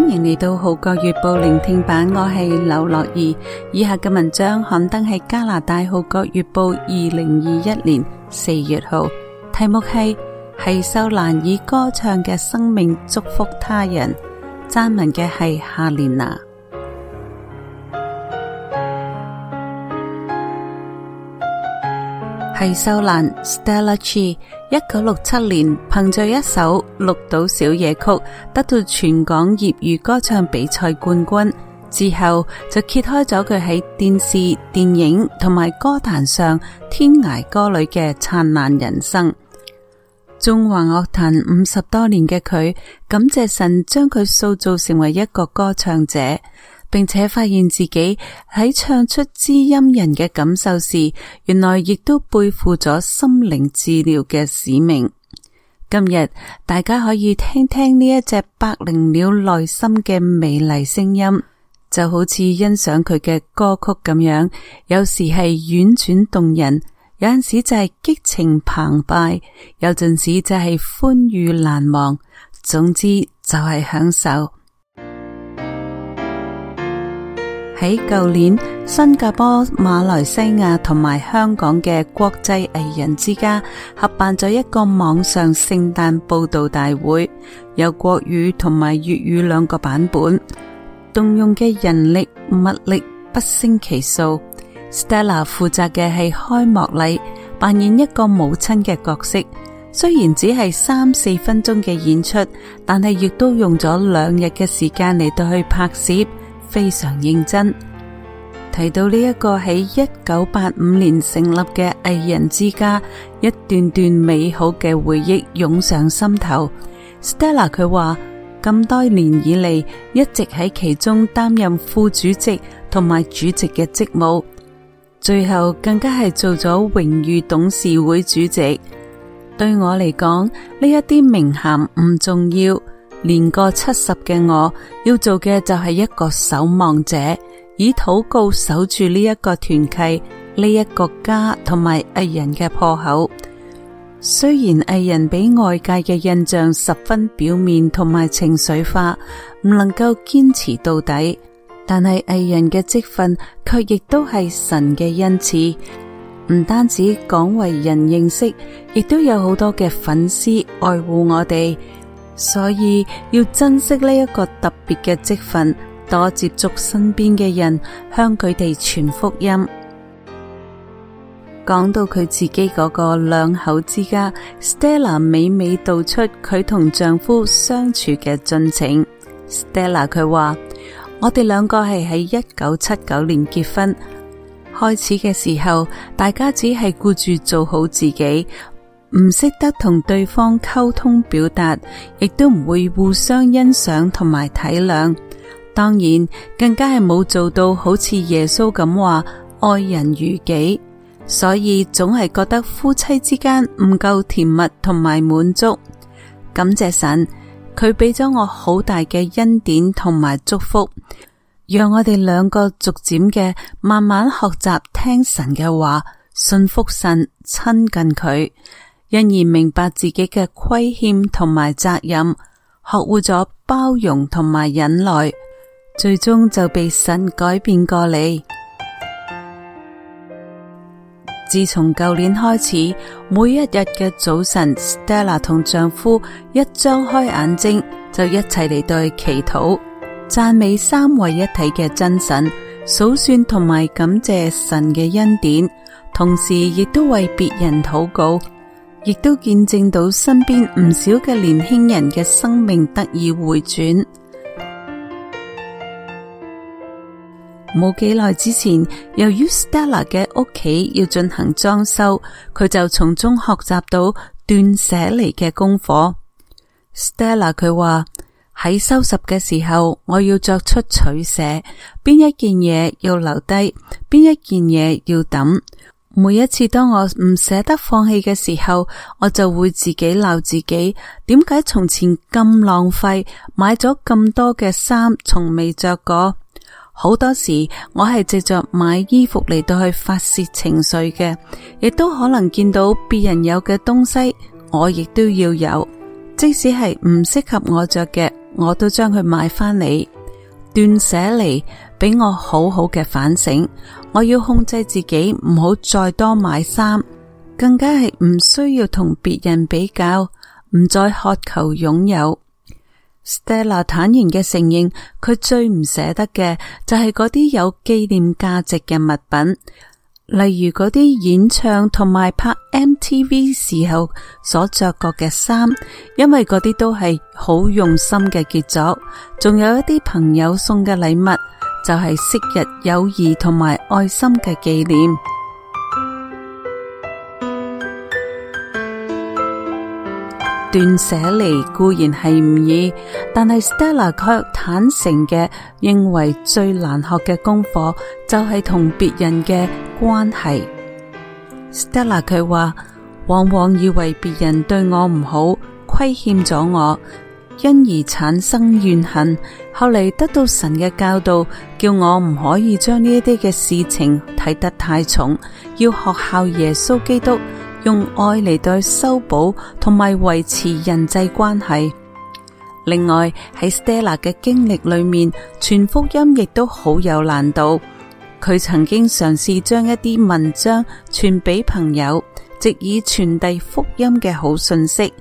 歡迎嚟到《號角月報》聆聽版，我係劉樂儀。以下嘅文章刊登喺加拿大《號角月報》二零二一年四月號，題目係《奚秀蘭以歌唱嘅生命祝福他人》，撰文嘅係夏麗娜。皮秀蘭 （Stella t r e e，一九六七年憑着一首《綠島小夜曲》得到全港業餘歌唱比賽冠軍，之後就揭開咗佢喺電視、電影同埋歌壇上天涯歌女嘅燦爛人生。中華樂壇五十多年嘅佢，感謝神將佢塑造成為一個歌唱者。並且發現自己喺唱出知音人嘅感受時，原來亦都背負咗心靈治療嘅使命。今日大家可以聽聽呢一隻百靈鳥內心嘅美麗聲音，就好似欣賞佢嘅歌曲咁樣。有時係婉轉動人，有陣時就係激情澎湃，有陣時就係歡愉難忘。總之就係享受。喺舊年，新加坡、馬來西亞同埋香港嘅國際藝人之家合辦咗一個網上聖誕佈道大會，有國語同埋粵語兩個版本，動用嘅人力物力不勝其數。Stella 負責嘅係開幕禮，扮演一個母親嘅角色。雖然只係三四分鐘嘅演出，但係亦都用咗兩日嘅時間嚟到去拍攝。非常認真。提到呢一個喺1985年成立嘅藝人之家，一段段美好嘅回憶湧上心頭。年過七十嘅我要做嘅就係一個守望者，以禱告守住呢一個團契、呢、這、一個家同埋藝人嘅破口。雖然藝人俾外界嘅印象十分表面同埋情緒化，唔能夠堅持到底，但係藝人嘅職分卻亦都係神嘅恩賜。唔單止廣為人認識，亦都有好多嘅粉絲愛護我哋。所以要珍惜呢一個特別嘅職份，多接觸身邊嘅人，向佢哋傳福音。講到佢自己嗰個兩口之家，Stella 美美道出佢同丈夫相處嘅進程。Stella 佢話：我哋兩個係喺一九七九年結婚，開始嘅時候，大家只係顧住做好自己。唔識得同對方溝通表達，亦都唔會互相欣賞同埋體諒。當然更加係冇做到好似耶穌咁話愛人如己，所以總係覺得夫妻之間唔夠甜蜜同埋滿足。感謝神，佢俾咗我好大嘅恩典同埋祝福，讓我哋兩個逐漸嘅慢慢學習聽神嘅話，信福神，親近佢。因而明白自己嘅虧欠同埋責任，學會咗包容同埋忍耐，最終就被神改變過嚟。自從舊年開始，每一日嘅早晨，Stella 同丈夫一張開眼睛，就一齊嚟對祈禱、讚美三位一體嘅真神，數算同埋感謝神嘅恩典，同時亦都為別人禱告。亦都見證到身邊唔少嘅年輕人嘅生命得以回轉。冇幾耐之前，由於 Stella 嘅屋企要進行裝修，佢就從中學習到斷捨離嘅功課。Stella 佢話喺收拾嘅時候，我要作出取捨，邊一件嘢要留低，邊一件嘢要抌。每一次當我唔捨得放棄嘅時候，我就會自己鬧自己，點解從前咁浪費，買咗咁多嘅衫，從未着過？好多時我係藉着買衣服嚟到去發泄情緒嘅，亦都可能見到別人有嘅東西，我亦都要有，即使係唔適合我着嘅，我都將佢買翻嚟斷捨離。斷捨離。俾我好好嘅反省，我要控制自己唔好再多買衫，更加係唔需要同別人比較，唔再渴求擁有。Stella 坦然嘅承認，佢最唔捨得嘅就係嗰啲有紀念價值嘅物品，例如嗰啲演唱同埋拍 MTV 時候所着過嘅衫，因為嗰啲都係好用心嘅傑作。仲有一啲朋友送嘅禮物。就係昔日友誼同埋愛心嘅紀念。斷捨離固然係唔易，但係 Stella 卻坦誠嘅認為最難學嘅功課就係同別人嘅關係。Stella 佢話，往往以為別人對我唔好，虧欠咗我。因而產生怨恨，後嚟得到神嘅教導，叫我唔可以將呢一啲嘅事情睇得太重，要學效耶穌基督用愛嚟對修補同埋維持人際關係。另外喺 Stella 嘅經歷裏面，傳福音亦都好有難度。佢曾經嘗試將一啲文章傳俾朋友，藉以傳遞福音嘅好信息。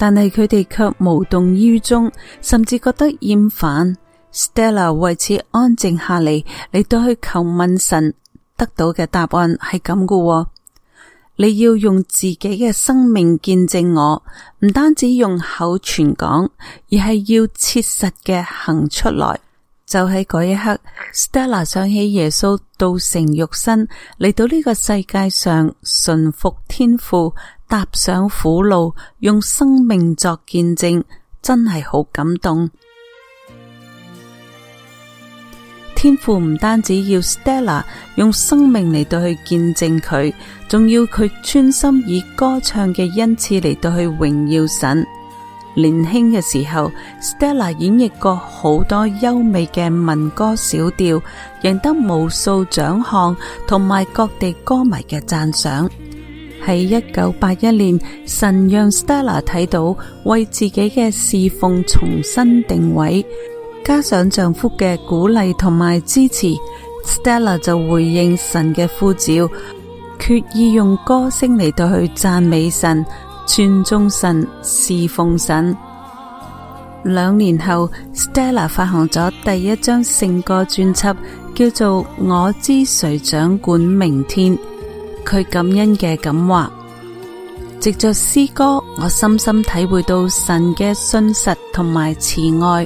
但係佢哋卻無動於衷，甚至覺得厭煩。Stella 為此安靜下嚟，嚟到去求問神，得到嘅答案係咁嘅。你要用自己嘅生命見證我，唔單止用口傳講，而係要切實嘅行出來。就喺嗰一刻，Stella 想起耶穌道成肉身嚟到呢個世界上，順服天父，踏上苦路，用生命作見證，真係好感動。天父唔單止要 Stella 用生命嚟到去見證佢，仲要佢專心以歌唱嘅恩賜嚟到去榮耀神。年輕嘅時候，Stella 演繹過好多優美嘅民歌小調，贏得無數獎項同埋各地歌迷嘅讚賞。喺一九八一年，神讓 Stella 睇到為自己嘅侍奉重新定位，加上丈夫嘅鼓勵同埋支持，Stella 就回應神嘅呼召，決意用歌聲嚟到去讚美神、尊崇神、侍奉神。兩年後，Stella 發行咗第一張聖歌專輯，叫做《我知誰掌管明天》。佢感恩嘅感話，藉着詩歌，我深深體會到神嘅信實同埋慈愛。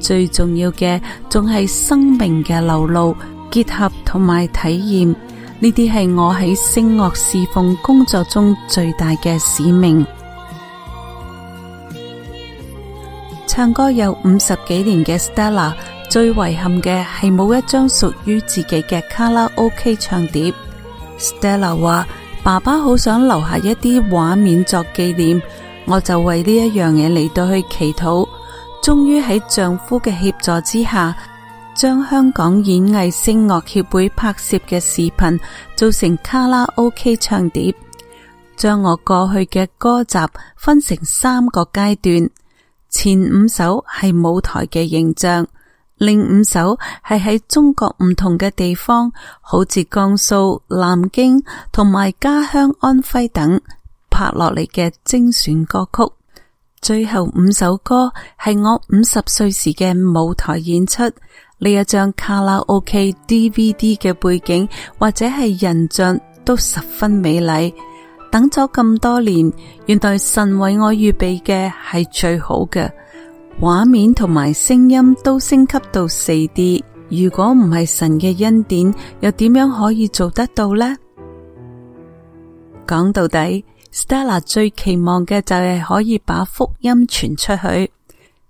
最重要嘅仲係生命嘅流露、結合同埋體驗。呢啲係我喺聲樂侍奉工作中最大嘅使命。 唱歌有五十幾年嘅 Stella，最遺憾嘅係冇一張屬於自己嘅卡拉 OK 唱碟。Stella 話：爸爸好想留下一啲畫面作紀念，我就為呢一樣嘢嚟到去祈禱。終於喺丈夫嘅協助之下，將香港演藝聲樂協會拍攝嘅視頻做成卡拉 OK 唱碟，將我過去嘅歌集分成三個階段，前五首係舞台嘅形象。另五首係喺中國唔同嘅地方，好似江蘇、南京同埋家鄉安徽等拍落嚟嘅精選歌曲。最後五首歌係我五十歲時嘅舞台演出，呢一張卡拉 OK DVD 嘅背景或者係人像都十分美麗。等咗咁多年，原來神為我預備嘅係最好嘅。畫面同埋聲音都升級到四 D，如果唔係神嘅恩典，又點樣可以做得到呢？講到底，Stella 最期望嘅就係可以把福音傳出去。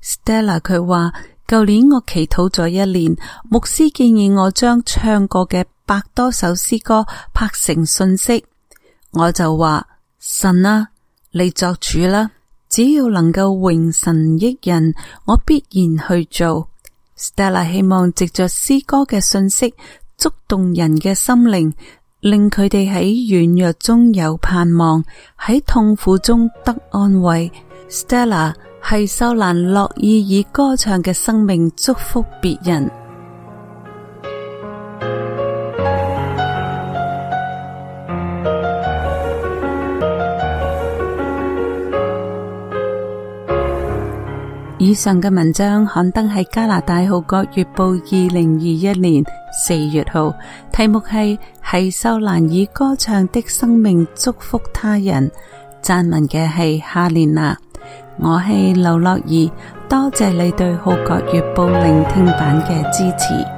Stella 佢話：舊年我祈禱咗一年，牧師建議我將唱過嘅百多首詩歌拍成信息，我就話神啦、啊，你作主啦。只要能夠榮神益人，我必然去做。Stella 希望藉着詩歌嘅信息，觸動人嘅心靈，令佢哋喺軟弱中有盼望，喺痛苦中得安慰。Stella 奚秀蘭樂意以歌唱嘅生命祝福別人。以上嘅文章刊登喺加拿大《號角月報》二零二一年四月號，題目係《奚秀蘭以歌唱的生命祝福他人》，撰文嘅係夏蓮娜，我係劉樂兒，多謝你對《號角月報》聆聽版嘅支持。